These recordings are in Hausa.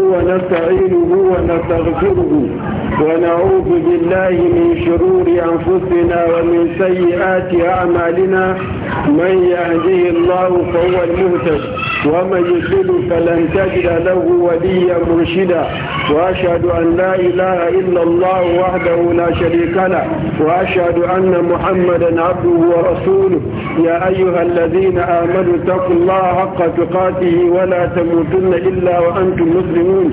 ونستعينه ونستغفره ونعوذ بالله من شرور أنفسنا ومن سيئات أعمالنا من يهديه الله فهو المهتد ومن يضلل فلن تجد له وليا مرشدا وأشهد أن لا إله إلا الله وحده لا شريك له وأشهد أن محمدا عبده ورسوله يا أيها الذين آمنوا اتقوا الله حق تقاته ولا تموتن إلا وأنتم مسلمون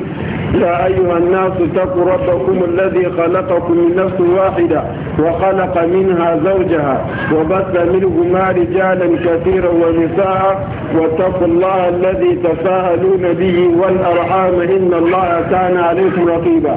يا أيها الناس اتقوا ربكم الذي خلقكم من نفس واحدة وخلق منها زوجها وبث منهما رجالا كثيرا ونساء واتقوا الله الذي تساءلون به والأرحام إن الله كان عليكم رقيبا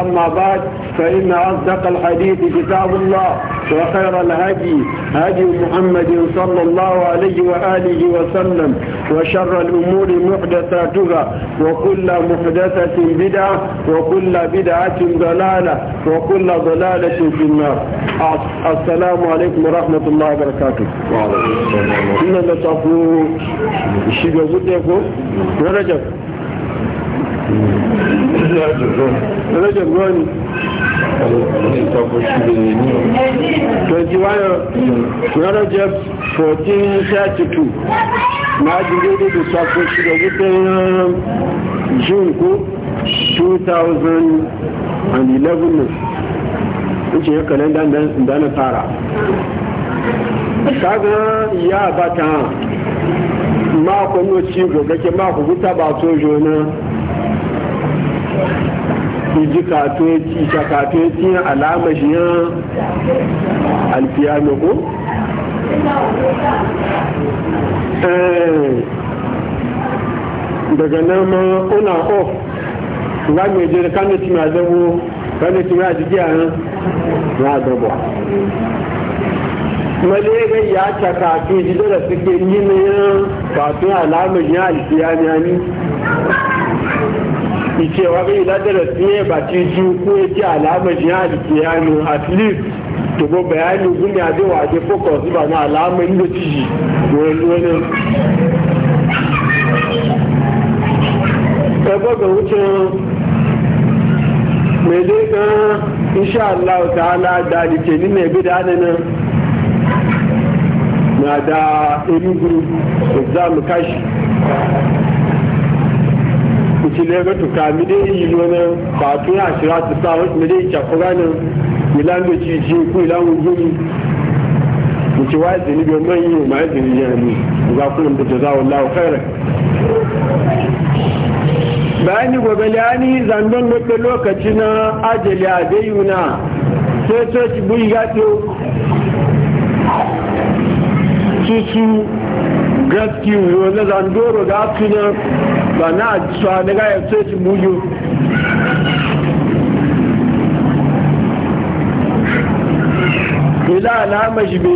أما بعد فإن أصدق الحديث كتاب الله وخير الهدي هدي محمد صلى الله عليه وآله وسلم وشر الأمور محدثاتها وكل محدثة بدعة وكل بدعة ضلالة وكل ضلالة في النار السلام عليكم ورحمة الله وبركاته وعلى الله وبركاته رجب رجب رجب 21 rajab 1432 na jirage da safon da wutan june ko 2011 ne wuce ya kalenda da fara kaga ya bata makon noci gogake mako wuta ba sojo na iji kato ya alama ko? Eh. daga nan ma una off nga mai jere kano ma zabo kano ci ma a nan ya zabo malaga ya ta kato ji da suke yi na yan kato alama shi ìkẹwàá bí ìlàdẹ̀rẹ̀ sí ẹ̀bà ci ju kú ẹjẹ́ àlàámẹ̀jì àdìkìyànù at least tòbó bẹ̀yàní ogún ní adéwà àti focus nípa àwọn àlàámẹ̀ nílò tí yìí wọ́n lónìí. ẹgbọ́dọ̀ ń tẹ mèdè kan iṣẹ́ àlá ọ̀tá aládàá ìkè nínú ẹgbẹ́ dáadé náà na da enugu exam kashi kucile ga tuka mi dai yi wani fatu ya shira su sa wasu mi dai kyakura ne milan da ci ci ku ilan wujuri mu ci wa zini bi man yi ma zini ya ni ga kullum da jazawallahu khairan bayani gobe lani zandon wata lokaci na ajali a bayuna sai coci bui gato su su gaskiyo na zandoro ga su na zana a tsawa daga ya tsaye ci bujo ila alama shi be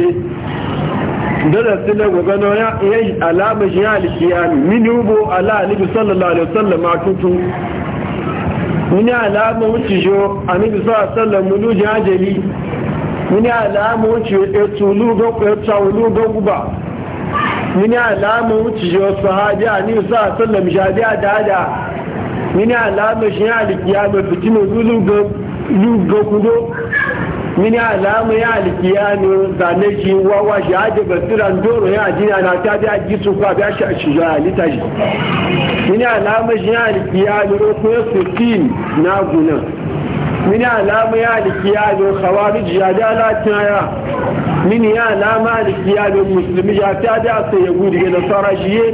dole su da gwagwano ya yi alama shi ya alkiyami mini hubo ala alibi sallallahu alaihi wasallam a tutu mini alama wuce a alibi sallallahu alaihi wasallam mulu jajali mini alama wuce ya tulu ga guba mini alamun wuce yau sahabi a nisa sallam shabi a dada mini alamun shi ya alikiya mai fitinu ga kudo mini alamun ya alikiya ne zane shi wawa shi haji basiran doro ya jina na ta biya gisu kwa biya shi a shi ya halitta shi mini alamun shi ya alikiya ne rukun 15 na gunan mini alama ya alikiya do khawarij ya da latin ya mini ya alama alikiya do musulmi ya ta da sai ya gudu ga nasara shiye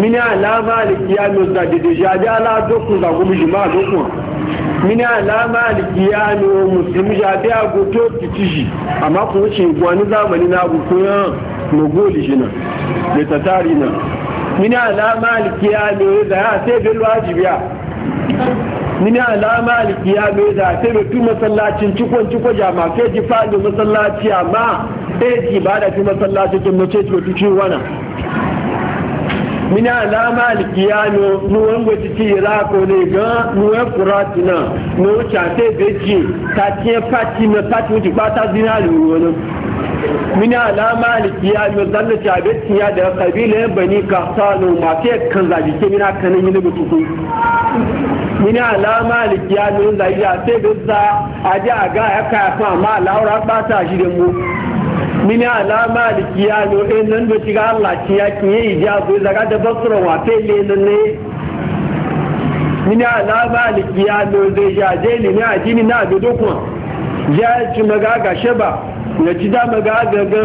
mini alama alikiya do da da ya da la do ku da ku jima do ku mini alama alikiya do musulmi ya da go to titiji amma kuma ce gwani zamani na ku koyan mogoli jina da tatari na mini alama alikiya do da ya sai bil wajibiya mini alama alkiya me da ta fi masallacin cikon cikon jama sai ji fadi masallaci amma ɗaya ji ba da fi masallaci kin mace ce wata ciwo wana mini alama alkiya no nuwan gwaji ci irako ne ga nuwan furati na nuwan cate bai ci ta ce fati na fati wuce ba ta zinari wani mini alama alkiya no zanna cabe tiya da kabilan bani ma masu yakan zaji ke mina kanan yi na mutu mini alama alikiya min da ya a ji a ga ya kaya fa ma laura ba ta shi da mu mini alama alikiya no e in nan da shiga Allah ki ya ki yi ja ko daga e da basura wa pele nan ne mini alama alikiya no zai ya je ni na ni na dodo kun ya ci magaga sheba na ci da magagaga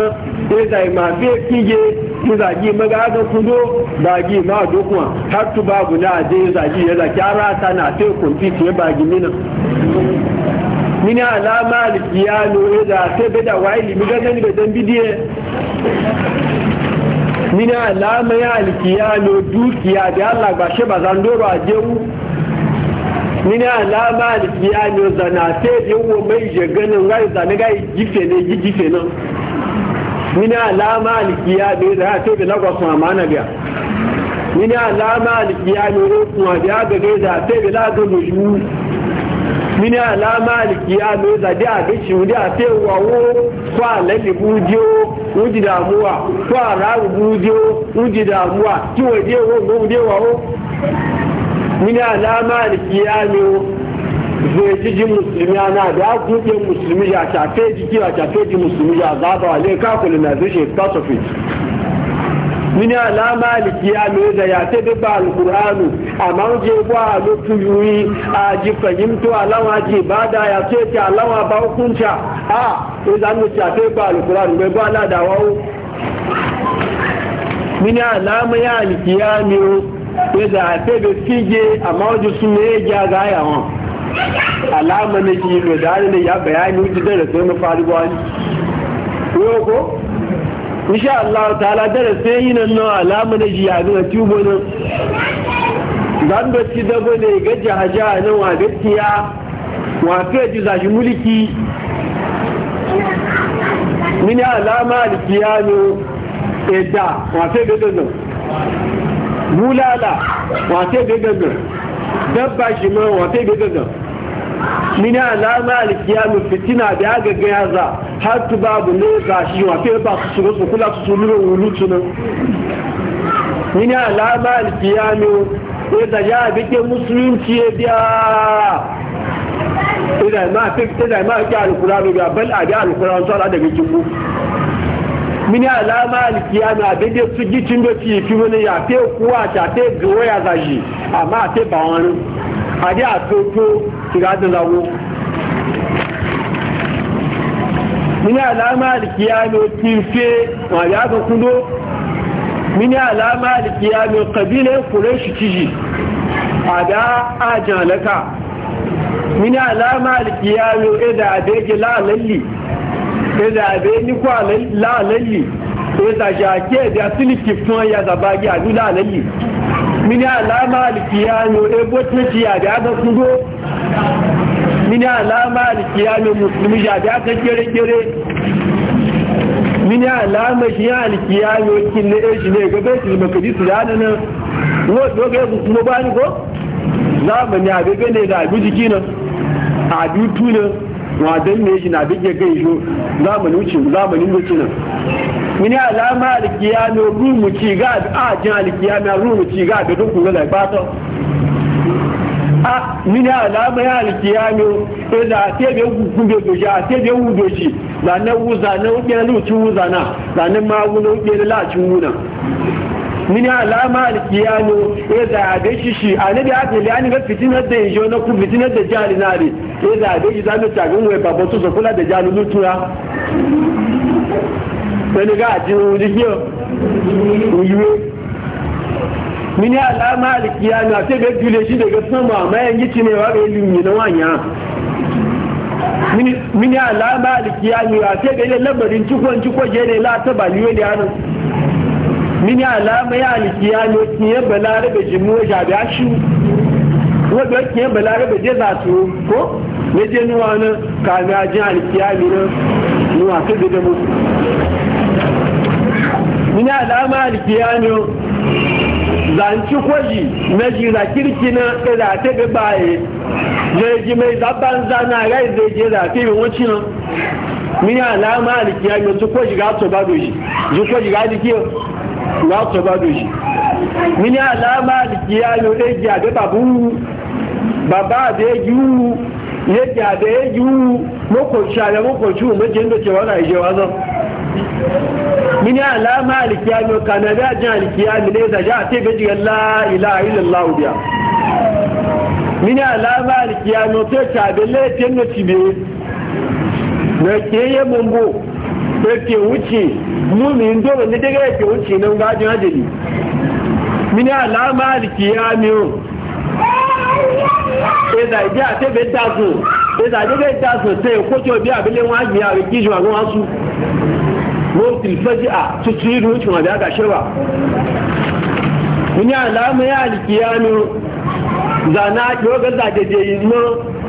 ya zai mafi fige ya zagi magaga kudo zagi ma dokuwa har tu babu na aje ya zagi ya zaki an rata na sai kwamfiti ya bagi mina mini alama alkiyano ya za sai bada wa ilimi ganin da dan bidiye mini alama ya alkiyano dukiya da Allah ba shi ba zan doro a jewu mina alama da biya ne zana te yin wa mai jaganin rai zane gai gife ne gi gife nan mina alama alkiya ne da ta bi lagos ma mana biya mina alama alkiya ne ro kuma biya ga gai da ta bi lagos mu ju mina alama alkiya ne da da ga shi da ko wawo kwa lalle bujo uji damuwa kwa rawu bujo uji damuwa ki waje wo go wawo من علامة القيام zojijin musulmi ana da kuɗin musulmi ya shafe ki ya shafe ji musulmi ya zaba wale ka colonization is part of it mini alama alkiyami da ya ta duba alkur'anu amma je ba a lokuyuyi a ji fahimto alama ji ba da ya ce ki alawa ba hukunta a idan mu shafe ba alkur'anu bai ba ladawa mini alama ya alkiyami yadda a tebe fige amma wajen su ne ya gaya hon alama na ki lo da ne ya bayani wajen darasin na faruwa ne ko insha Allah ta'ala darasin yi nan nan alama na ji nan bulala wata ga gangan dabba shi ma wata bai gangan mini alama alkiyamin fitina da ya gaga ya za har tu babu ne ga shi wata ba su shiga su kula su sulurin wulutu nan mini alama alkiyamin e ya da ya bike musulunci ya biya idan e ma fi idan e ma ki alkurani biya bal a biya alkurani sallah daga kiku mini alama alkiyama da dai su gicin da ci fi wani ya te kuwa ta te gawo ya zaji amma a te ba wani a dai a toto shiga da lawo mini alama alkiyama ti fe wa ya ga kudo mini alama alkiyama kabila ya kureshi ciji a da ajan laka mini alama alkiyama e da abeji la lalli ẹ̀dà ẹ̀bẹ̀ níkọ́ láàlẹ́lì ẹ̀dàjà jẹ́ ẹ̀dẹ̀ àtílìkì fún ẹ̀yà zàbáyé àdú láàlẹ́lì mini alama alkiyano ebo teki yadda aka kudo mini alama alkiyano aka mini alama shi ya alkiyano kille e shi ne gaba su zama kaji su da ko wadda ya kuma bani ko zamani da abu a nan wadan ne shi na bige gai zo zamanin wuce zamanin wuce nan mini alama alkiyami rumu ci ga a jin alkiyami rumu ci ga da dukkan ga bata a mini alama ya alkiyami e da te be gugu be do a te be wu a ji da na wuza na wuke na lutu wuza na da na ma wu na wuke na la wuna min alama alkiyano ya zaga shi shi annabi aka yi ani ga fitinar da yajo na ku fitinar da jali na ne ya zaga shi zamu tagin wai su kula da jali lutura wani ga ji rigiyo yiwe min ya alama alkiyano a sai ga jule shi daga sama mayan gici ne wa ga ilimi na wanya min alama alkiyano a sai ga cikon cikon la ta baliwe da mini alama ya alkiya ne kiye balarabe jimo jabi ashu wadda kiye balarabe je za su ko ne je nuwa na kami ajin alkiya ne na nuwa ta gida mu mini alama alkiya ne zanci kwaji na jira kirki na ɗaya e ta gabaye jirgi mai zaban zana rai zai je zafi yin wucin mini alama alkiya ne su kwaji ga to ba doji su kwaji ga dikiyar wọ́n sọ gbọ́dọ̀ yìí mi ní àlàámà àlìkí ayò éjì àbẹ́ bàbú bàbá àbẹ́ èjì ko yéjì àbẹ́ èjì wú mọ́kànṣí àbẹ́ mọ́kànṣí méje ń dòkè wọ́n àìjẹ wọn náà mi ní àlàámà àlìkí ayò kànàbí àjẹ́ àlìkí ayò ní ìdàjá àti ìbejì ẹ̀lá ìlà ìlẹ̀lá òbíà mi ní àlàámà àlìkí ayò tó ṣàbẹ̀lẹ̀ tẹ́lẹ̀ ke rẹ̀ kéye mọ́ ke wuce mumin dole ne daga ke wuce nan gajin hajjali mini alama alkiya miyo ẹ̀dà ìdí àtẹ́bẹ̀ dáàtò ẹ̀dà àtẹ́bẹ̀ dáàtò tẹ́ ìkójọ́ bí abílẹ̀ wọn àgbìn àrẹ gíjù àwọn aṣú wọ́n ti fẹ́jì à tuntun ìlú tí wọ́n dáa gàṣẹ́wà mini alama alkiya miyo zana yóò gẹ́gẹ́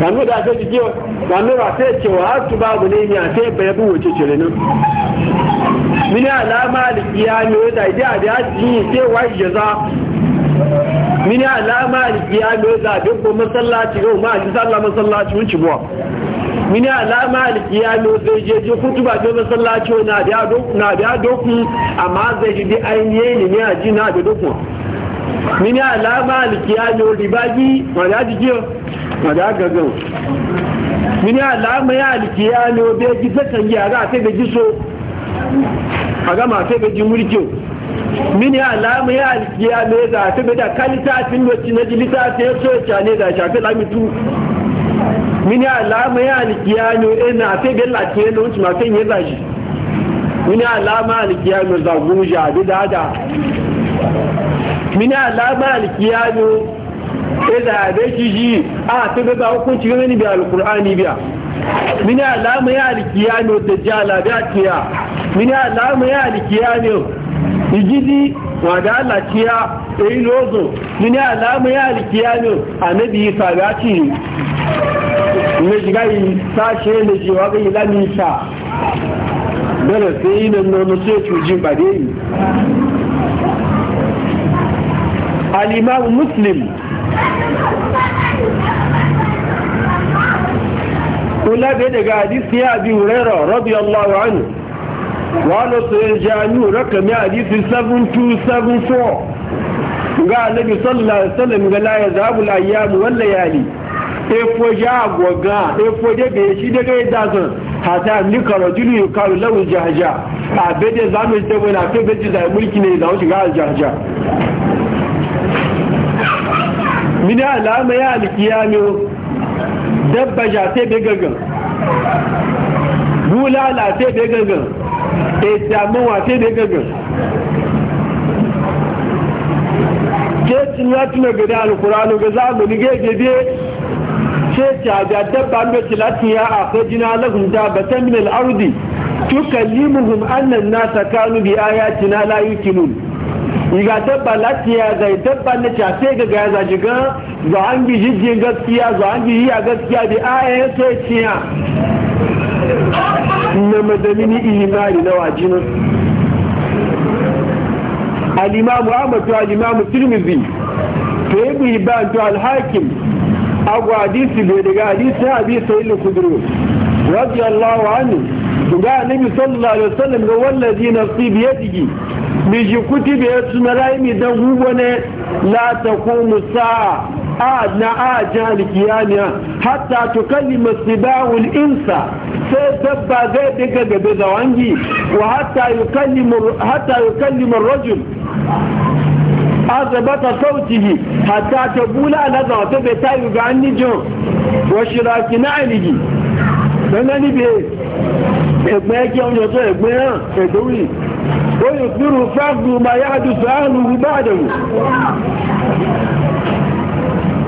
kanu da ta jigiyo kanu ba ta cewa har su babu ne ne a ta bai bu wuce cire nan mini alama likiya ne da idan a da ji ke wai za mini alama likiya ne da duk ko masallaci ga ma ji sallah masallaci mun ci buwa mini alama likiya ne zai je je kutuba je masallaci na da na da doku amma zai ji ainihin ne a ji na da doku mini alama likiya ne ribagi ma da jigiyo fada gagan mini alama ya ne obe ji zakan yi a ga da so a gama mini alama ya ne kalita na ji ne shafi lamitu mini alama ya ne obe na wuce mafi yin mini alama ne da dada mini alama ne da da shi shi a to ga hukunci ganin bi alqur'ani biya mini alama ya alkiyami da jala da kiya mini alama ya alkiyami igidi wa da Allah tiya eyi lozo mini alama ya alkiyami annabi sa ga ci ne shiga yi sashe ne shi wa ga ilami sha dole sai nan nono sai cujin bade yi al-imam muslim kula bai daga hadisi ya wa hurairah radiyallahu ya wani tsoye raka rakami hadisi 7274 ga alabi sallallahu alaihi wasallam ga la yazabul ayyam wal layali efo ya goga efo de ya shi daga ya san hata ni karajulu yukalu lahu jahaja abede zamu tabbana bai ji da mulki ne da wuce ga jahaja mini alama ya o dabba ja sai be gangan gulala sai be gangan etamuwa sai be gangan kecin ya tuna gada alkuranu ga zamani gegede ce caja dabba mace latin ya ko jina lagun da batan min ardi tukallimuhum annan nasa kanu bi ayatina la yukinun iga dabba dabba na ga za an gi gaskiya an gi gaskiya bi a ya so ciya na madamini imani na wajinin to daga radiyallahu anhu ga sallallahu alaihi wasallam ga wallazi nafsi biji kutibe suna raimi don gugu ne la a sa'a a jan alkiyaniya hatta tukallima sibahu insa sai dabba zai diga gabe da wangi wa hatta kalli hatta yukallimu rajul azabata sautihi hatta tabula ala zawata bai ta yi ga annijo wa shiraki na aligi dan gani be ẹgbẹ́ ẹgbẹ́ ọjọ́ tó ẹgbẹ́ hàn ẹgbẹ́ wuli ويخبر الفرد ما يحدث أهله بعده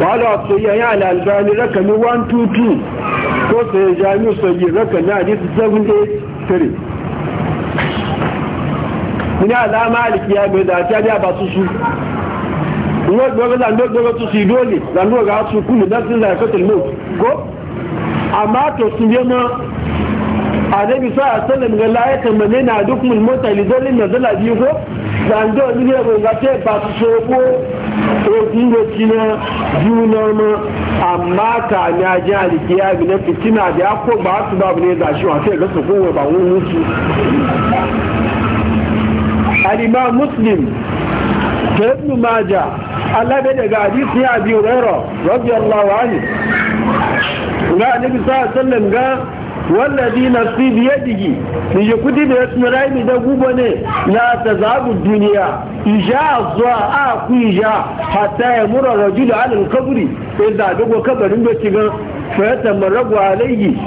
وعلى الصيحة يعني الباني رقم 122 قصة يجاني الصيحة رقم 973 من هذا مالك يا مداتان يا باسوسو wọ́n gbọ́gbọ́ làndó gbọ́gbọ́ tó sì lóòlì làndó ọ̀gá tó kú lè dá sí ìlànà ìfẹ́tẹ̀lẹ́ òkú kó àmá tó sí yé mọ́ annabi sa sallam ga la ya na duk mul mota li dalil na zala biyu ko an do ni ne ga te ba su so ko ko kun go kina juna ma amma ka na ji alkiya bi na fitina da ko ba su babu ne da shi wa sai ga su ko ba wani mutu Alima imam muslim da ibn maja Allah bai daga hadisi ya biyu rairo radiyallahu anhu ga annabi sa sallam ga wallazi nafsi biyadihi ni je kudi da yasu rai mi da gubo ne la tazabu duniya ija zuwa a ku ija hatta ya mura rajulu ala al-qabri sai da dogo kabarin da kigan fayata maragu alayhi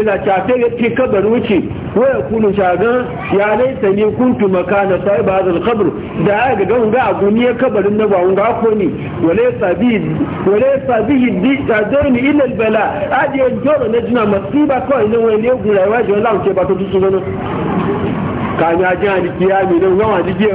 ila tafe ya ce kabar wuce waya kunu shagan ya laita ne kuntu na sai ba zan kabar da ya ga gan ga aguni ya kabarin na ba wanga ko ne wale sabi hindi ta zai tadani ilal bala adi joro na jina masiba ko ne wai ne gura wa jo lan ke ba to tusu a kanya jani kiyami ne wa jiye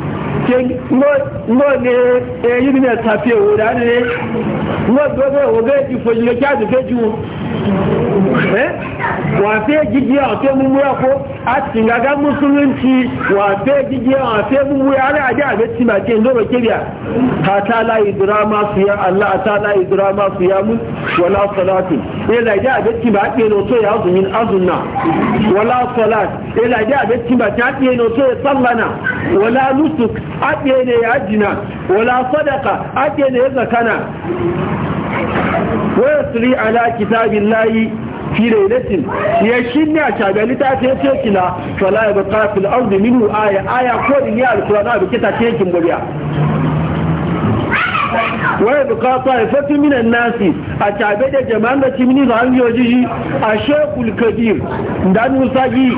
lọ́ọ̀ ne ẹ̀yìn nínú ẹ̀ta fi wafe gigiya wafe mummuya ko a musulunci wafe gigiya wafe mummuya ana aji a gaci ma ke zo bake biya ta ta layi drama su ya Allah ta layi su ya mun wala salatu a ba ya wala salat a ba ya wala ya jina wala sadaka ya zakana ويسري على كتاب الله fi lailatin ya shinya shagali ta ce ce kila fala ya baqa fil ardi minhu aya aya ko din ya alqur'ana bi kita ce kin gobiya wa ya baqa ta'ifatu min an a tabe da jama'an da cimini da hanyoyi a shekul kabir dan musagi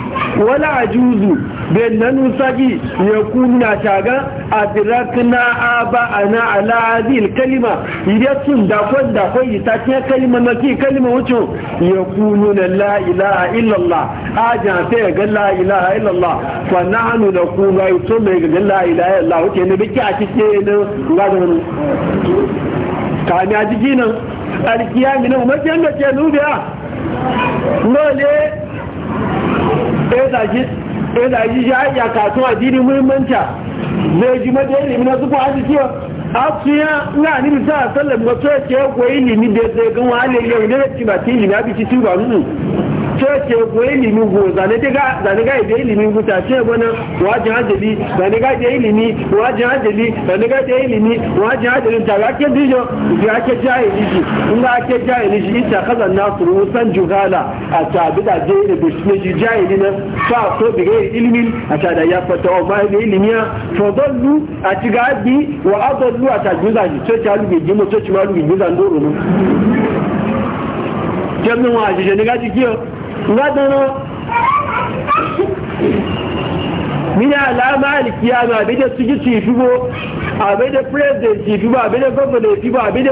wala ajuzu bin nan sagi ya kuna shaga adrakna aba ana ala hadhihi kalima idan sun da kon da kon ta ce kalima maki kalima wuce ya kununa la ilaha illa a aja ta ga la ilaha illa allah fa nahnu naqulu ay to mai ga la ilaha illa allah wuce ne biki a cikin ne ga da nan ka ni a jiki nan alkiyami nan mace yanda ke nubiya lole ɗaya zaki sai da ji ya ya kasuwa addini muhimmanci zai ji mata ilimi na suku haji ciwo a suya ina ni bisa sallam ga so ce koyi ilimi da zai gan wani yau ne da ci ba ci ilimi abi ci ba nunu ce ko ilimi go zane ga zane ga da ilimi guta ce gona wajin hajjali zane ga da ilimi wajin hajjali zane ga da ilimi wajin hajjali ta ga ake dijo ga ke jahili ji in ga ke jahili ji ita kaza nasu rusan juhala a tabida je da bismiji jahili na fa so bi ga ilimi a ta da ya fata o ma ga ilimi ya fa dallu a ti ga bi wa adallu a ta juza ji ce ta lugi ji to ce ma lu bi juza ndoro mu jami'in wa a jije ni ga ji kiyo ngadana mina alama alkiyama abin da su ji ci fibo president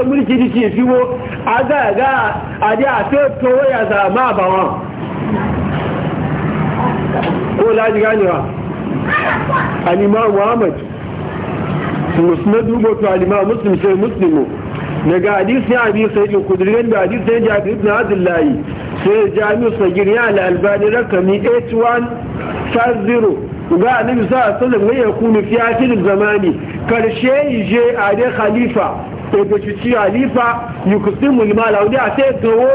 mulki a ga ga a ji a feto waya zama ba wa ko laji ganewa alima muhammad musnadu goto alima muslim sai muslimu daga hadisi ya hadisi abdullahi sai jami'u sagir ya al'albani rakami 8150 ga annabi sa sallam ne ya kunu fi akhir zamani karshe je a da khalifa to da shi khalifa yuqsimu mala wa da sai gawo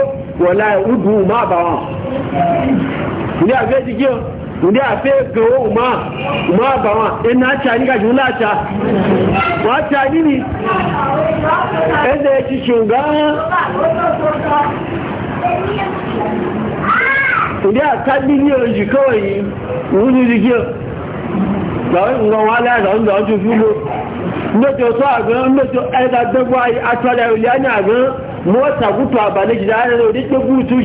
wala yudu ma bawa ni a ga jikin ni a sai gawo ma ma bawa in e na ta ni ga jula ta wa ta ni ni eh da shi shugaba ìdí àtàbí ní oṣù kọ́wọ̀ yìí wọ́n ní ìdí kí ọ lọ́wọ́ wọn aláìsàn ń lọ́ọ́ tún tó àgbọn mẹ́tò ẹ̀dà gbẹ́gbọ́ atọ́lẹ̀ ní àgbọn mọ́ sàkútù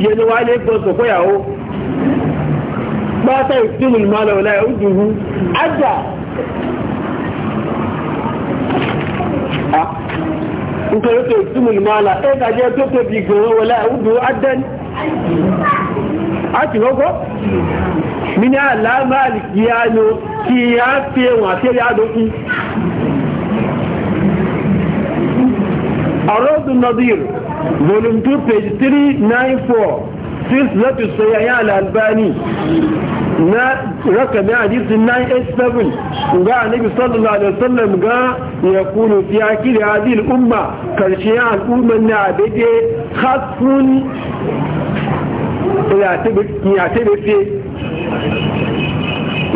nítorí pé ìtumọ̀ ìmọ̀ọ́lá ka gàjẹ́ tó tóbi gan-an wọlé udu adẹ́ni. a ti rọ́gọ́ mi ní àlàámà kiya kí a fi ya àfẹ́rẹ́ àdókù. àròdùn nadir volume two page three nine four six lọ́tù sọ̀yà yà na rakamin hadisin 987 ga annabi sallallahu alaihi wasallam ga ya kunu fi akil hadhihi al-umma karshe al'umma na dade khasun ya tabi ya tabi fi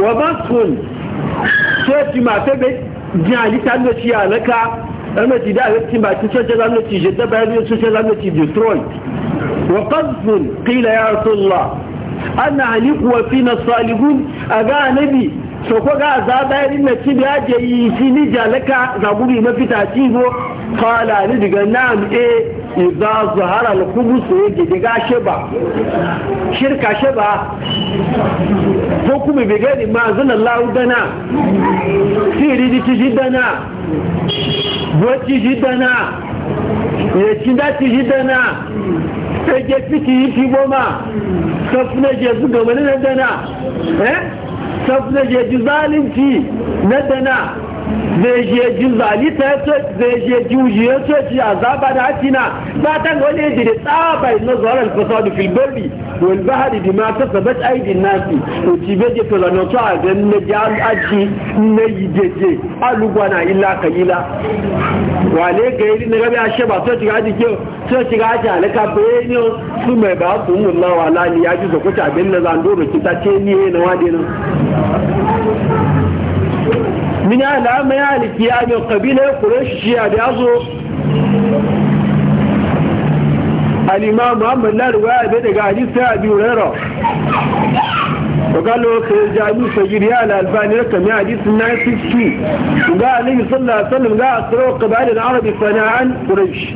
wa basun sai ki ma tabi jali tan da shi alaka amma ti da ga ti ba ti sai zan ci jidda bayan sai zan ci destroy wa qadfun qila ya rasulullah ana alikuwa fi na salihun a ga anabi so ko ga za da irin na ci da je yi shi ni jalaka za guri mafita ci zo fala ni diga nan e eh, idza zahara al khubus yake diga sheba shirka sheba ko kuma bi gani ma zan Allah dana siri di shi dana bo ci dana ya ci da ci dana fege fiki yi fi goma safina je su gama na dana eh safina je ji zalunci na dana zai je ji zalita ya ce zai je ji uji ya ce ci azaba da hakina ba ta gole ji da tsabai na zuwa filbori wani ba bahari da mata sabat aidin nasi to ci beje to a ga na ji aji na yi jeje ka yi la wale ga yi na gabi ashe ba so shiga aji kyau so shiga aji alaka bayani su mai ba su mun lawa lani ya ji zakuta abin na zando da kita ce ni na wade nan min alama ya ya mai kabila ya kure shi shi a da yazo al'imam muhammad na bai daga hadisa a biyu rera وقالوا جعلوا سجيريا الألباني رقم يا حديث 962 وقال النبي صلى الله عليه وسلم لا أسروا قبائل العرب ثناء shi.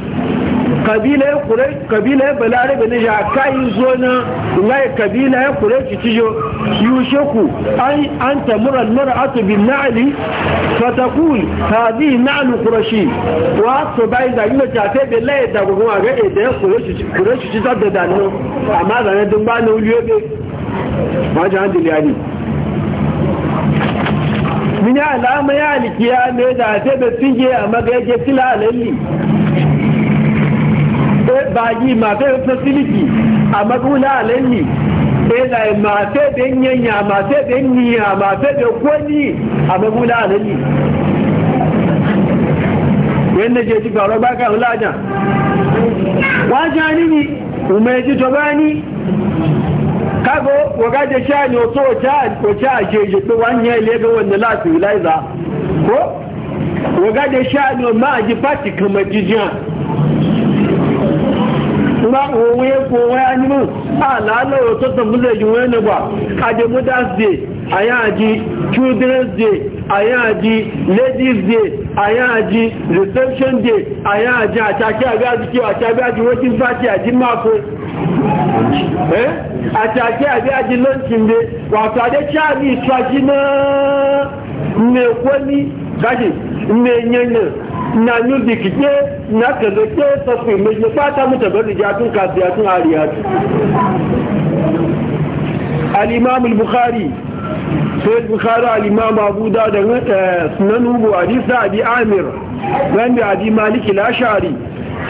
kabila ya kure kabila ya balare ne ya kai zo na ngai kabila ya kure ki tijo yushaku ai an mura almar'atu bin na'li fatakul hadhihi na'lu qurashi wa to bai da yuma ta te be lai da go ga e da kure ki kure ki ta da da no amma da ne dun ba ne uliyo be ba ja handi yani min ya alama ya alkiya ne da te be tinge amma ga je tilalalli bagi mafe facility a magula alalli ila mafe ben yanya mafe ben niya mafe ben kwani a magula alalli yadda je ci faru ba ka hula jan ni umar ji tobani kago wagaje sha ne oto oce a jeje pe wanye ile wanda lati ulaiza ko wagaje sha ne ma a ji fati kamar jijiyan nga òwe epo òwe anyimú àlàálẹ̀ òtó tọ̀mùlẹ̀ yìí mu. nígbà àdèmúdàs day àyáàjì children's day àyáàjì ladies day àyáàjì reception day party day charlie na music ke na kaza ke tafi mai ne fata mu tabarri jatun kasiyatun ariyatu al-imam al-bukhari sai al-bukhari al-imam abu da sunan hubu hadisa abi amir wanda abi malik al-ashari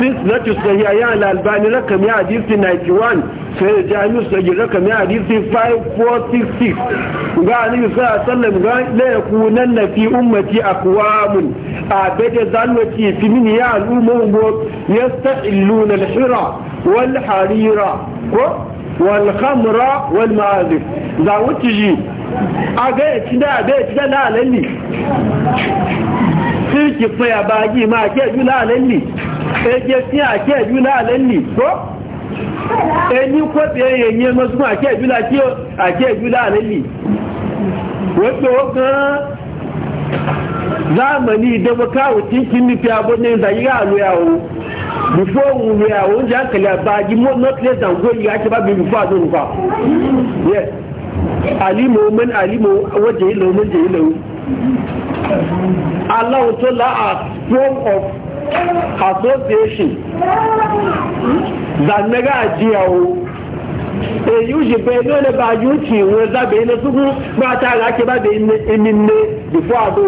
fitlatu sahiha ya al-albani rakam ya hadisi 91 sai da jami'u sahiha rakam ya hadisi 5466 ga annabi sallallahu alaihi ga la yakunanna fi a ummati aqwamun abada zalwati fi min ya al-umma yastahilluna al-hira wal-harira ko walhamra walma'azif za wuce ji a ga ya ci da a ga ya ci da na alalli kirki fún yàbá yìí máa jẹ́ láàrín nì ẹjẹ́ sí àjẹ́ láàrín nì kó ẹni kó tẹ èyí ẹmọ súnmọ́ àjẹ́ láàrín nì wọ́n ó gan zamani ìdẹ́gbọ́ káwò tí kí ní fi abọ́ ní ìdáyíra àlúyàwó bifo wùlúyàwó ń jẹ́ àkàlẹ̀ àbájí mọ́ nọ́tílẹ̀sì àwọn góyìí àṣẹ́bá bí bifo àdóhùnfà alimo mẹ́ni jẹ́ ilẹ̀ allow to la a form of association zanne ga ajiyawo e yuji be dole ba yuci wanda bai na suku ba ta ga ke ba da inne inne before a do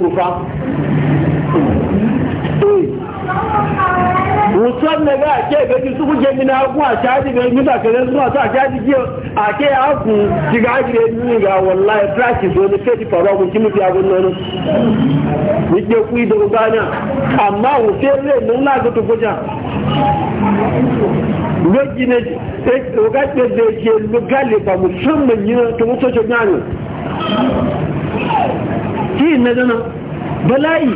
wùsùn nẹ̀gá a ẹ̀gẹ́jì súnkú jẹ́ mi náà kún àṣáájì rẹ̀ nígbà kẹrẹ súnmọ́ àti àṣáájì jẹ́ àti àákùn jìgá jìrẹ̀ nínú ìgbà ga ẹ̀ practice lórí fẹ́ẹ̀tì pàrọ̀ ọkùn tí mo fi àwọn lọ́nu nígbè kú ìdòwò bá náà àmọ́ àwọn fẹ́ẹ̀rẹ̀ ló ńlá àgọ́ tó kọjá lójì ní ọgáṣẹ́ lè ṣe lógálẹ̀ bàmù sọ́mọ̀ yìí tó mú sọ́jọ́ náà k'i ne ìnẹ́dáná eh, bala'i.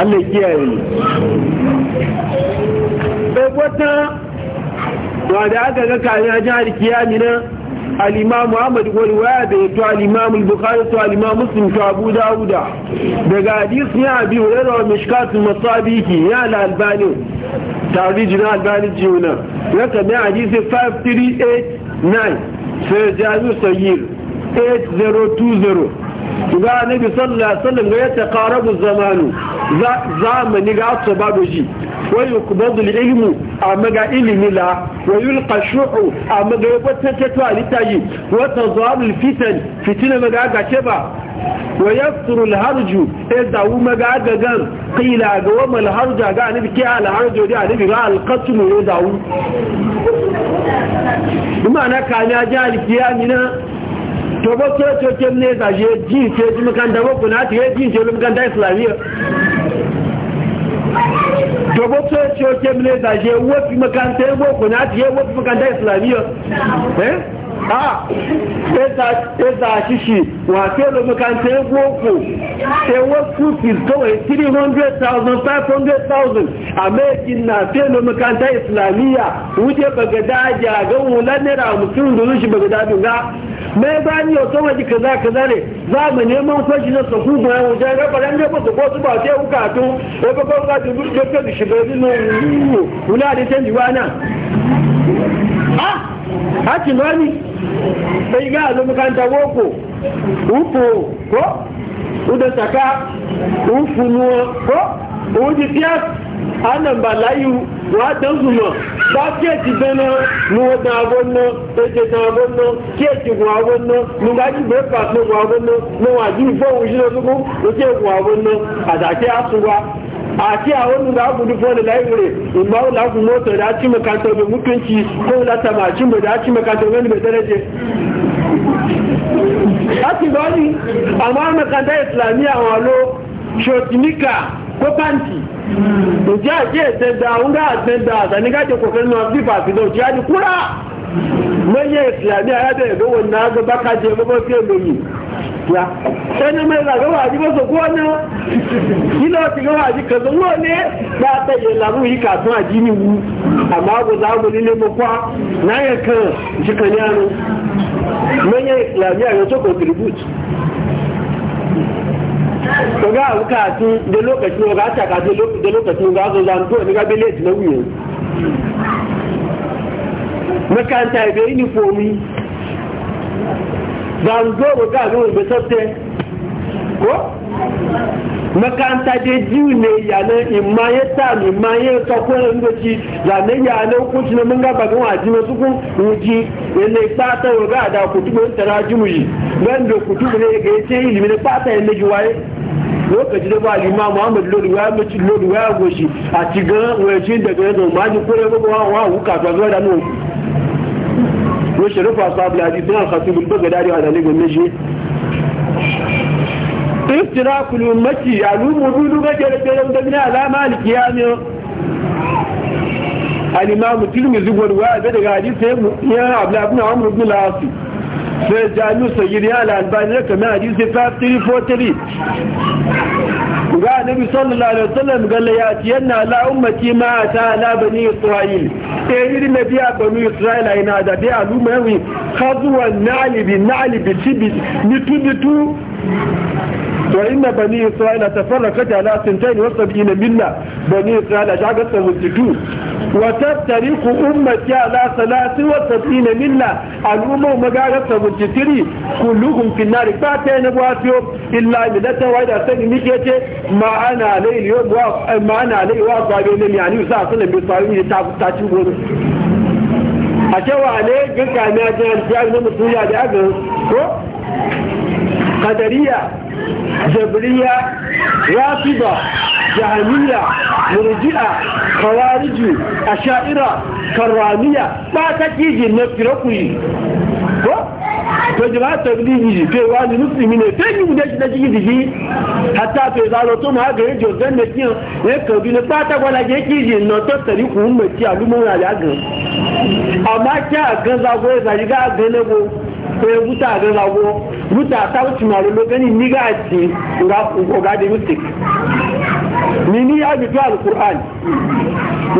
الامام محمد قول وابه تو الامام البخاري تو الامام مسلم تو ابو داود دغا حديث يا ابي هريره ومشكات المصابيح يا الالباني تعدي جنا الالباني جونا لك يا حديث 5389 سير جاز سير 8020 دغا النبي صلى الله عليه وسلم يتقارب الزمان zamani ga su babu ji wayo ku bazu ilmu a maga ilimi la wayo kashu'u a maga wata tattu alita yi wata zuwa fitan fitina maga gace ba ويكثر الهرج إذا وما قاعد قال قيل أقوام الهرج قاعد نبكي على الهرج ودي على نبكي على القتل ويدعو بمعنى كان جاء الكيامنا to ba ce cokin ne ga je ji ce ji makanta ba kuna ta ji ce lu makanta islamiyya to ba ce cokin ne ga je wafi makanta ba kuna ta wofi makanta islamiyya eh a ẹta e e e shi wà tí ó lómi kan tẹ́ wó kò ẹwọ́ school 300,000 àmẹ́ẹ̀kì a tí ó lómi kan tẹ́ islamiyya wújẹ́ bàgàdá àjẹ́ àgẹ́wò lẹ́nẹ́rà mùsùlùmí lórí ṣe bàgàdá mai bani yau sama ji kaza kaza ne za mu neman kwashi na saku ba yau jan raba ran da musu ko su ba sai ku kato ko ba ko ka ji duk da ka shiga ni no kula da canji wana ah hakin wani bai ga zo mukanta boko upo ko udan saka un funuwa ko un ji fiyas annan ba ba ti dana mu da gonno e je da gonno ti wa gonno mu ga ji ko o ke wa asuwa a ke a wannan da abu dufo da layu re in ba wala da ci makanta mutunci ko la ta ma ci mu da ci láti lọ ní àwọn amẹ́kàndá ìsìlámí àwọn ló ṣòtìníkà kó pàǹtì òjá ka ìtẹ́dà oúnjẹ àtẹ́dà àtàníkàjẹ́ kò fẹ́ ya ẹni mẹ́rin àgbẹ́wà àjí mọ́sọ̀ kú ọ́nà ilẹ̀ ọ̀tí lọ́wọ́ àjí kẹsàn wọ́n ní látẹ̀yẹ làwọn yìí kàtún àjí ní wu manyan islamiyya ya so contribute ga abu kafin da lokacin ga ta kafin da lokacin ga zo zan to ni ga billet na wuyo makanta da uniformi zan zo ga zo be sabte ko makaranta dai jiwu ne yanar imma ya sami ma ya ta kwanan doki yanar yanar kuci na munga bagan waji na suku wuji yana fata wa ga da kutubu ta raji mu yi ban da kutubu ne ga yace ilimi na fata ne ji waye lokaci da ba lima muhammad wa ya mace lori ya goshi a ci ga waje daga yanzu ma ji kure ba wa wuka ta zuwa da nan ko sharifa sabu hadisi na khatibul bagdadi a dalilin naji istirakul ummati ya lumu dudu ga jere jere da mina alama alkiyami al-imam tirmidhi gwarwa daga hadisi ya al sai jami'u sagiri al'albani ya kame hadisi 5343 ga nabi sallallahu alaihi wasallam galla ya ci yana la ummati ma ta la bani isra'il eh yiri na biya bani isra'il ina da biya al'umma yawi khazwa na'li bi na'li bi tibi tibi tu to inna bani isra'il tafarraqat ala 72 minna bani isra'ila jagat 72 وتفترق أمتي على ثلاث وسبعين ملة الأمة مقالة 73 كلهم في النار فاتين بواسيو إلا ملة واحدة سنميك يتي ما أنا عليه اليوم ما أنا عليه واصابين يعني وساعة سنة بيصابين تعتبون أشوى عليه قلت عن أجل جاء من مسؤولية لأجل قدرية جبرية رافضة jahamiya murji'a kawariju asha'ira karramiya ba ta kiji na firakuri ko to jama'a tabligi fe wani musulmi ne fe yi wuce na jiki jiki hatta fe zaro to ma ga yajo zan da kiyan ya kabi na fata gwala ke kiji na to tari ku mun mace a lumon raja gan amma kya gan zago ya zaji ga gan na go ko ya buta gan zago buta ta wuce ma lo gani ni ga ci ga ga da mutik mini ya bi to alquran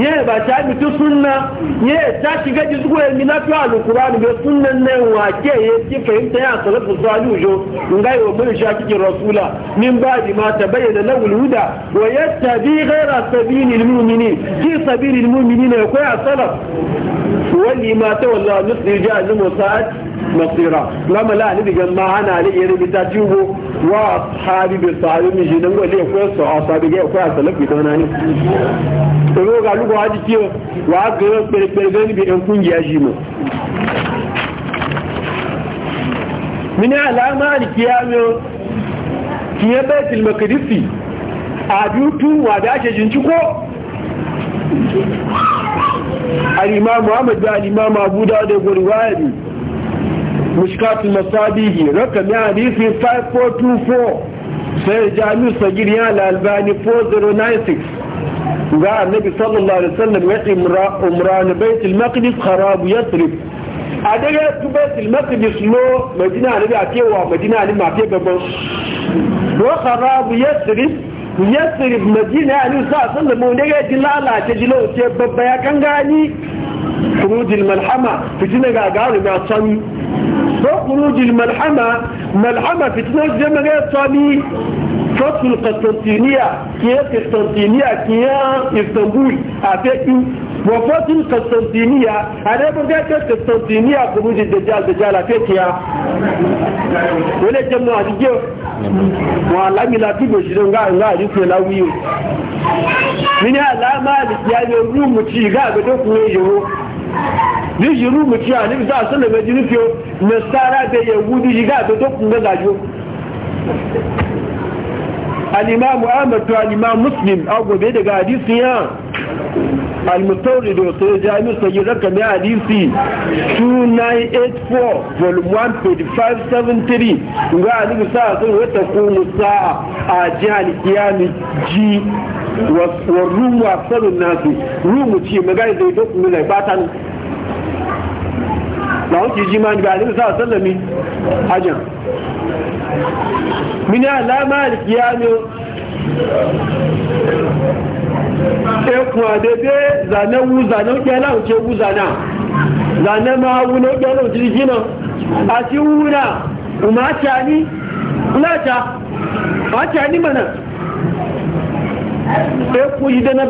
ye ba ta bi tu sunna ye ta shiga gaji zuwa mi na to alquran be sunnan ne wa ke ye ki fahimta ya salafu salihu jo ngai wa mun sha ki rasula min ba di ma tabayyana lahu al-huda wa yattabi ghayra sabili al-mu'minin ki sabili al-mu'minin ya ko ya salaf wali ma tawalla nusri jahannam wa sa'at masira lama la ni diga ma ana ni yeri bita jugo wa sahabi bi sahabi mi jinan go le ko so asabi ge ko asalafi don nani to go ga lugo haji kiyo wa ga pere pere gani bi en kungiya jimo min alama al kiyamo kiya baitul maqdisi adutu wa da ake jinciko al-imam Muhammad da al-imam Abu Dawud da Gurwani مشكات المصابيه رقم يعني في 5424 سيجعلوا سجلها الألباني 4096 وقال النبي صلى الله عليه وسلم يقي أمران بيت المقدس خراب يطرب عندما يكون بيت المقدس له مدينة النبي عكيه ومدينة النبي عكيه ببنش وخراب يطرب يسرب مدينة النبي صلى الله عليه وسلم ونقى جلالة تجلو تيب ببايا كان غاني خروج الملحمة فتنقى قالوا ما صنعوا فخروج الملحمة ملحمة فتنة جمعية صامي فتح القسطنطينية كيا قسطنطينية كيا اسطنبول أفكي وفتح القسطنطينية أنا بقى قسطنطينية خروج الدجال دجال أفكي ولا جمع ديو وعلى ميلادي بشرون غا غا يفعل لاويو من علامة الإسلام يوم متشي غا بدو كويجو níṣìírú mutu tí a níbi tá a sọ́lẹ̀ méjì ní fi o lè sára tẹ yẹ wú ní yíká àtọ́ alimamu muslim agobe daga hadisi yan almustawri rakami hadisi 2984 vol ga a jihar kiyami wa ruhu wa sabin nasu ruhu ce magana da ita kuma mai fata ne ba wuce ji ma ga alisa sa sallami hajjan da kiya alama alkiyami e kuwa daidai zanen wu zanen kyala wuce wu zana zanen ma wu na kyala wuce jikina a ci na umarci ni ulaca umarci ni mana sai ku yi da na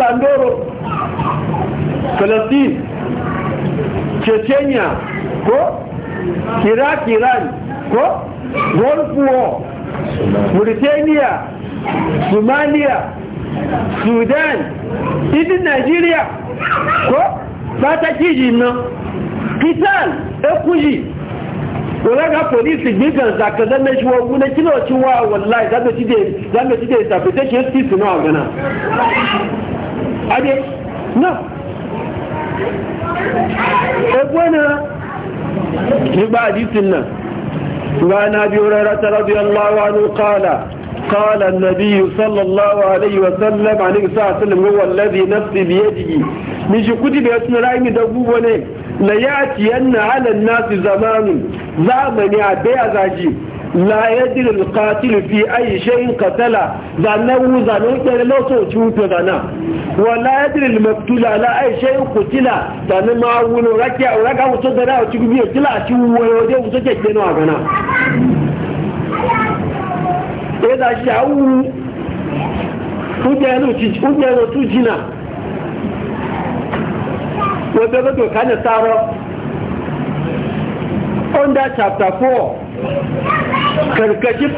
palestine chechenia ko iraq iran ko gulf war mauritania somalia sudan idin nigeria ko ba ta kiji nan kitan wala ga polisi gigan zaka zan na shiwa guna kina wacin wa wallahi za mu tide za mu tide tafi take yasti su nawa gana ade na e gwana ni ba hadisin nan wa na bi hurairah radiyallahu anhu qala قال النبي صلى الله عليه وسلم عليه الصلاة والسلام هو الذي نفسي بيده نجي كتب يتنرأي من دبوبة ليأتين على الناس زمان zamani a bai zaji la ya yadir alqatil fi ayi shay'in katala qatala zanahu zanu kare loto chuto zana wa la ya yadir almaqtul la ayi shay'in qutila zanu ma wuno rake a raka wuto da rawo cikin biyu kila a ci wayo je wuto kekke na wagana ya za shi a wuru no ci kuje no tujina wa da to kana under chapter 4 karkashin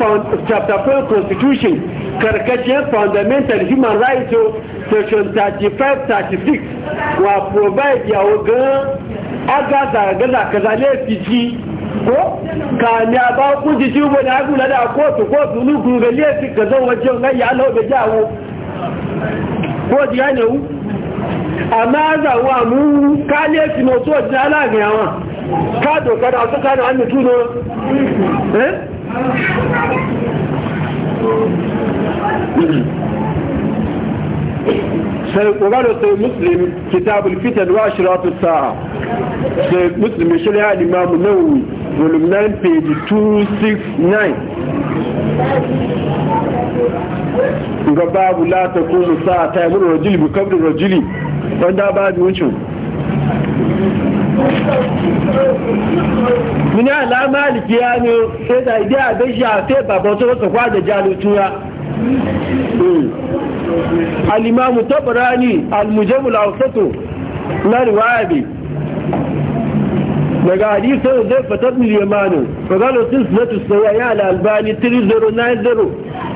chapter 4 constitution karkashin fundamental human rights section 35-36 wa provide ko ka a ba kun ji jiwo da agula da kotu kotu ga laifi zan ya jawo ko ji ya ne wu amma ka laifi wajen alaga káàdò kádà ọ̀tọ́ kádà á nìtú lọ وقالوا سيد مسلم كتاب الفتن وعشرات الساعة سيد مسلم يشريها الإمام النووي volume 9 page 269 ga babu la ta kuma ta yi rajili bu rajili wanda babu wucin muni alama alikiya ne sai da ide abeja sai babban to su kwa da jalutuya hmm. alimamu tabarani almujamul awsatu na riwaya bi daga hadisin zai fatar miliyamanu fagalotins na tusawa ya al'albani 3090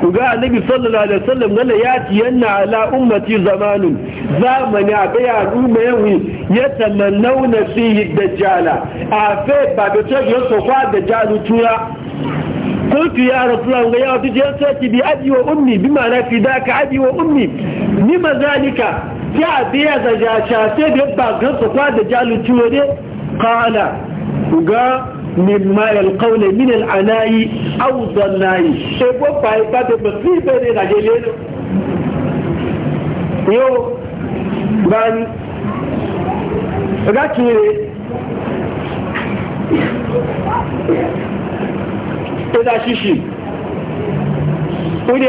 ku ga annabi sallallahu alaihi wasallam gala ya tiyanna ala ummati zamanun zamani a bai al'umma yawi ya tamannawna fihi dajjala a fe ba da ta yi so kwa dajjalu tura قلت يا رسول الله يا أبي جلساتي بأبي وأمي بما لا في ذاك أبي وأمي لما ذلك يا ba هذا جاشاتي بيبقى قصة هذا جعل التوري قال وقال mimma yalqawna min al-anayi da basibe ne da gele ne yo ban rakire ida shishi ude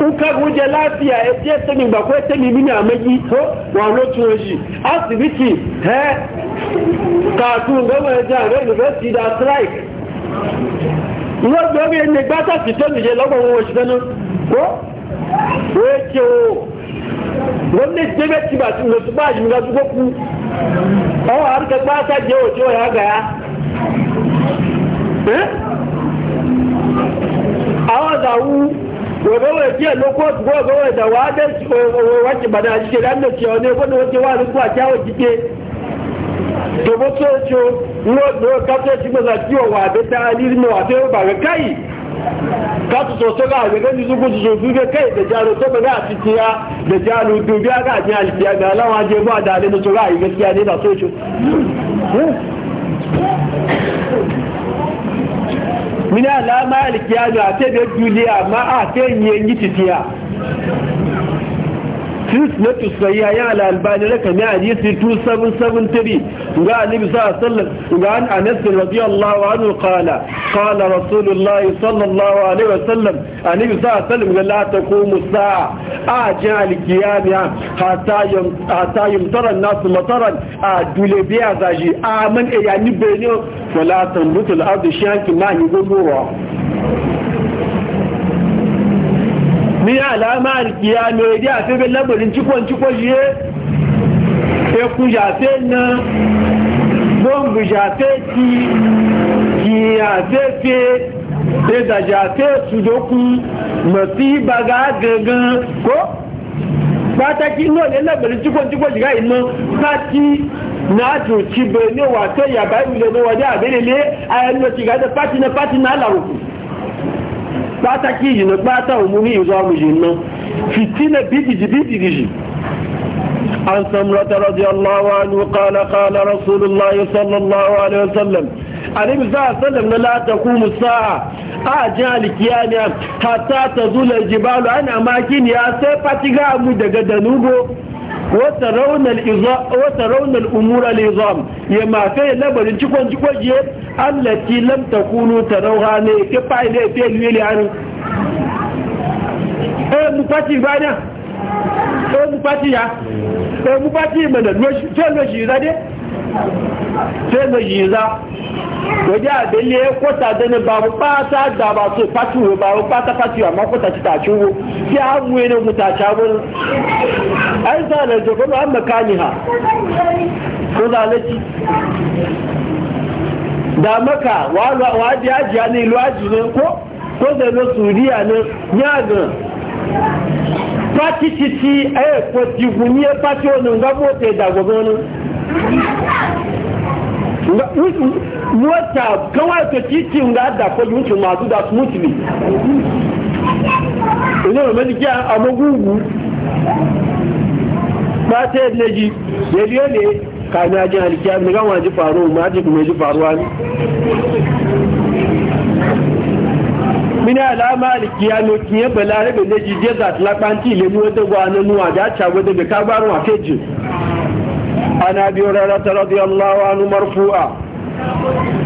nka guje lafiya ya je sani ba ko sani bi na magi to wa shi asibiti he kafin gama ya ja ga university da strike wọ́n gbọ́ bí ẹni gbátà sí tó nìyẹ lọ́gbọ̀n wọn oṣù tẹ́nu kó wọ́n ṣe o wọ́n lè jẹ́ bẹ́ẹ̀ tí bàtí mo tún bá yìí nígbà tó kú ọwọ́ àrùkẹ́ gbátà ya òjò ọ̀yà gàá àwọn àdàwù gobe wa ke lokot gobe wa da wadan wacce bana jike dan da ciwo ne wa a jike to bo so cho wo do ka so ci maza kiwo wa da ta alir mu wa sai ba ga kai ka so so ga ga ni kai da jaro to ba ga titiya da jaro dubiya ga ji alkiya ga lawa je ba da ne to ga yi gaskiya ne da so mina alama ma a ta biyar duniya ma a ta yi yanyi tafiya tutu sayya ya al'albani raka mai hadisi 2773 ga annabi sa sallam ga an anas radiyallahu anhu qala qala rasulullahi sallallahu alaihi wasallam annabi sa sallam ga la taqumu sa'a ajal al-qiyamah hatta yum hatta yumtara an-nas mataran adule biya zaji aman e ya ni benyo wala tambutul ardi shanki ma ni gogowa ní àlàámà àríkìá lórí àfẹ́fẹ́ lẹ́bẹ̀rin chíkọ̀chíkọ̀ yíé ẹkùn yàfẹ́ na bọ́m̀bù yàfẹ́ ti yìnyàfẹ́ fẹ́ ẹgbàjàfẹ́ ṣùdókún mọ̀ sí bàgá gangan kó ko pataki ní lẹ́bẹ̀rin chíkọ̀chíkọ̀ yìí ráì mọ́ pàtí náà tó ti bẹ̀rẹ̀ ní wà tẹ́yà báyìí lọ́wọ́dẹ́ àbẹ́lẹ́lẹ́ ayẹlẹ́ ti gádẹ́ pàtí náà pàtí náà làrùkù pátá kí ìjìnà pátá òun ní ìzọ àmìjì ná fìtínà bíbìjì bíbìjì عن سمرة رضي الله عنه قال قال رسول الله صلى الله عليه وسلم عليه الصلاة والسلام لا تقوم الساعة أجعل كيانا حتى تزول الجبال عن أماكن يا سيبا تغامو دقدنوبو wata raunar umura lizam ya mafe labarin cikon cikwaje allati lam kunu ta rauha ne ke fa'ile fiye lili hannu ɗaya bukati ɗaya ya ɗaya e, mana zade sai yi za waje abele kwata dani babu pata da ba so fatuwo babu pata fatuwa amma ci taciwo sai an wuye ne mutaci abin an sa da jogon an makani ha ko zalaci da maka wa ajiya ne ilu ne ko ko da suriya ne ya ga titi ayyakwa jigu ni ya pati wani ngabo ta yi dagogonin wata kawai to titi nga da ko yuncin masu da smoothly ina ba mani kya a magugu ba ta ne ji yadda ne ka na ji halikiya ni gama ji faru ma ji kuma ji faruwa ne mina alama alikiya ne kiye balare be ne ji je za tlapanti mu wata gwa na nuwa ja cha wada be ka gbarun a fejin عن ابي هريره رضي الله عنه مرفوعا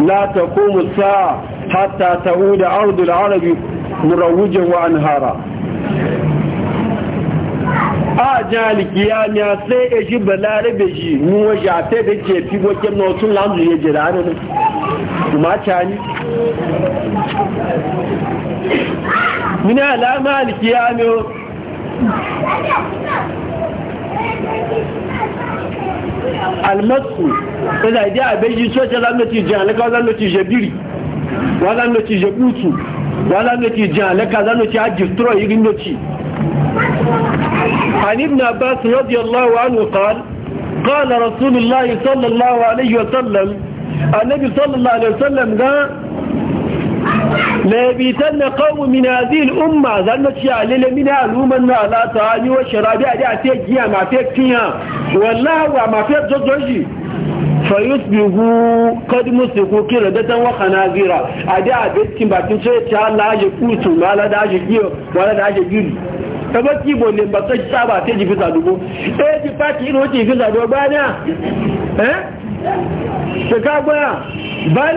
لا تقوم الساعه حتى تعود ارض العرب مروجا وانهارا اجال قيام يا سي اجي بلا ربي مو وجا تي دجي في وجه نو تون لاند يجي دارن وما تاني من علامه القيام almasu ko da ji abeji so ta zan ci jan alaka zan ci jabiri wa zan ci jabutu wa zan ci jan alaka zan ci ajistro irin no ci عن ابن عباس رضي الله عنه قال قال رسول الله صلى الله عليه وسلم النبي صلى الله عليه وسلم قال ليبيتن قوم من هذه الأمة ظنت شعلل منها الأمة على طعام والشراب على أتيجيها ما فيها والله وما فيها جزوجي fayusbihu kad musiku kiradatan wa khanazira ade abetin bakin sai ta Allah kutu mala da ya giyo wala da ya giyo tabaki bolle ba ta saba ta jifi zadugo eh ji fati ino ji fi zadugo bana eh ta ka bana bal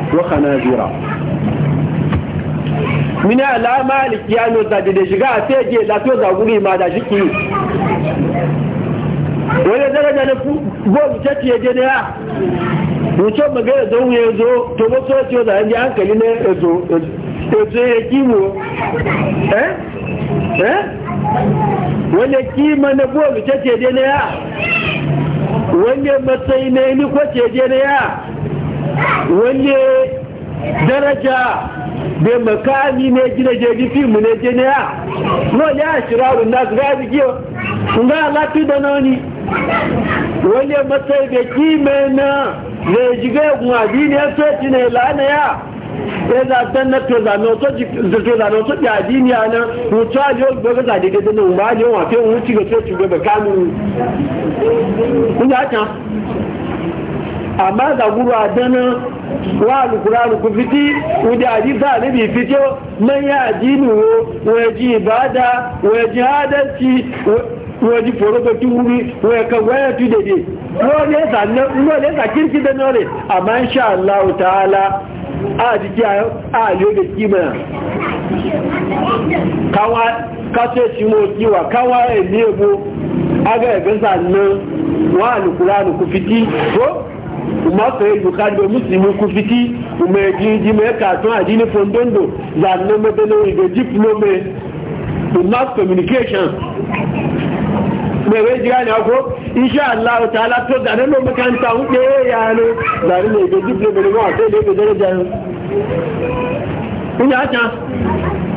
wa alama likiyano da da shiga a teje da to ma da shiki wani daraja na gobe ta ce je ya wuce magana don ya zo to ba so ce da hankali ne ya zo ya ya kimo eh eh wani kima na gobe ta ce ya wani matsayi ni ko ce ya wani daraja da makami ne gina jeji fimu ne jini ya wani ya shirarun na su gaji giyo sun ga lati da noni wani matsayi da kime na da jiga ya kuma ne ya soci ne lana ya ya zaɓen na tozano soci adini ya nan mutu a liyo gbaga zaɗe da dana umarni yawan wafe wuce ga soci gaba kanu kun ya can amma da guru a dana wa alkurani ku fiti aji hadisa nabi fito man ya ajini wo waji ibada waji adalci waji forogoki wuri waya kan waya tu dede wani sa kirki da nore amma insha Allah ta'ala a jiki a yo da kima kawa kace shi mo kiwa kawa e lebo aga ga zanna wa alkurani ku fiti ko kuma ka yi bukari da musulmi ku fiti kuma ya ji ji mai katon adini fondondo zanen madanawi da diplome to mass communication mai rai jira ni ne ako insha Allah ta ala to da nan makaranta hudu ya ne zanen ne da diplome da mawa sai da ya ga darajar kun ya can.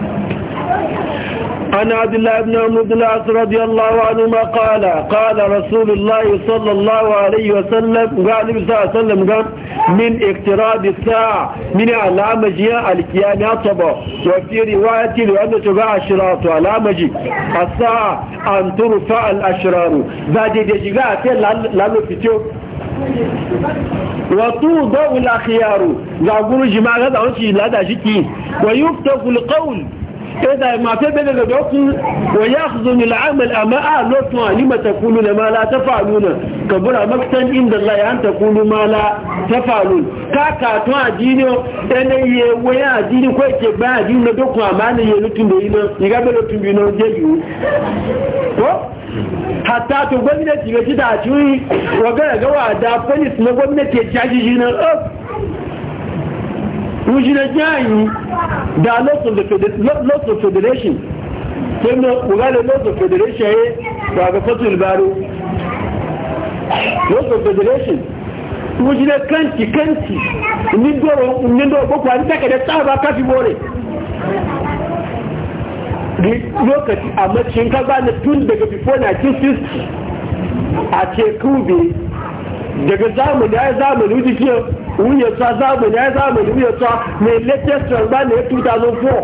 عن عبد الله بن عمرو بن العاص رضي الله عنهما قال قال رسول الله صلى الله عليه وسلم قال النبي صلى الله عليه وسلم قال من اقتراب الساعة من علامة القيامة طبع وفي رواية لأن تبع الشراط علامة الساعة أن ترفع الأشرار بعد دجاء لأنه فتوه وتوضع الأخيار يقول جماعة هذا عشي لا شكي ويفتق القول kéda mafe bẹ̀rẹ̀ lọ́dọ̀ kú wọ́n yá zùmí láàmì àmà àlọ́tún àlímà takúlù na mala ta fàlúnà kàbúrà makitan inda laya ta kúlù mala ta fàlúnà kákàtún àjíníọ̀ ẹni yẹ wọ́yá àjíní kó ẹ̀kẹ́ gbá àjíní lọ́dọ̀kún àmà wujina jayi da lots of federation kemgbe wugale lots of federation ya yi ba ga fatu ilbaru lots of federation wujina kanti kanti nindo boko a nita kada tsaba kafi more lokaci a macin ka gane tun daga before 1960 a ce kube daga zamani ya zamani wujikiyar wuyo tsa zamani ya zamani wuyo tsa ne latest transfer ne 2004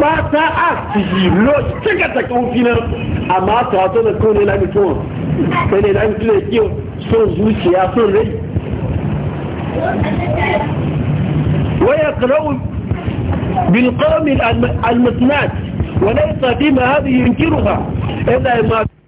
ba ta act yi lo cika ta kofi nan amma ta wato da kone na mutum sai ne na mutum da kiyo son zuciya son rai waya qara'u bil qawmi al-musnad وليس فيما هذه ينكرها إلا ما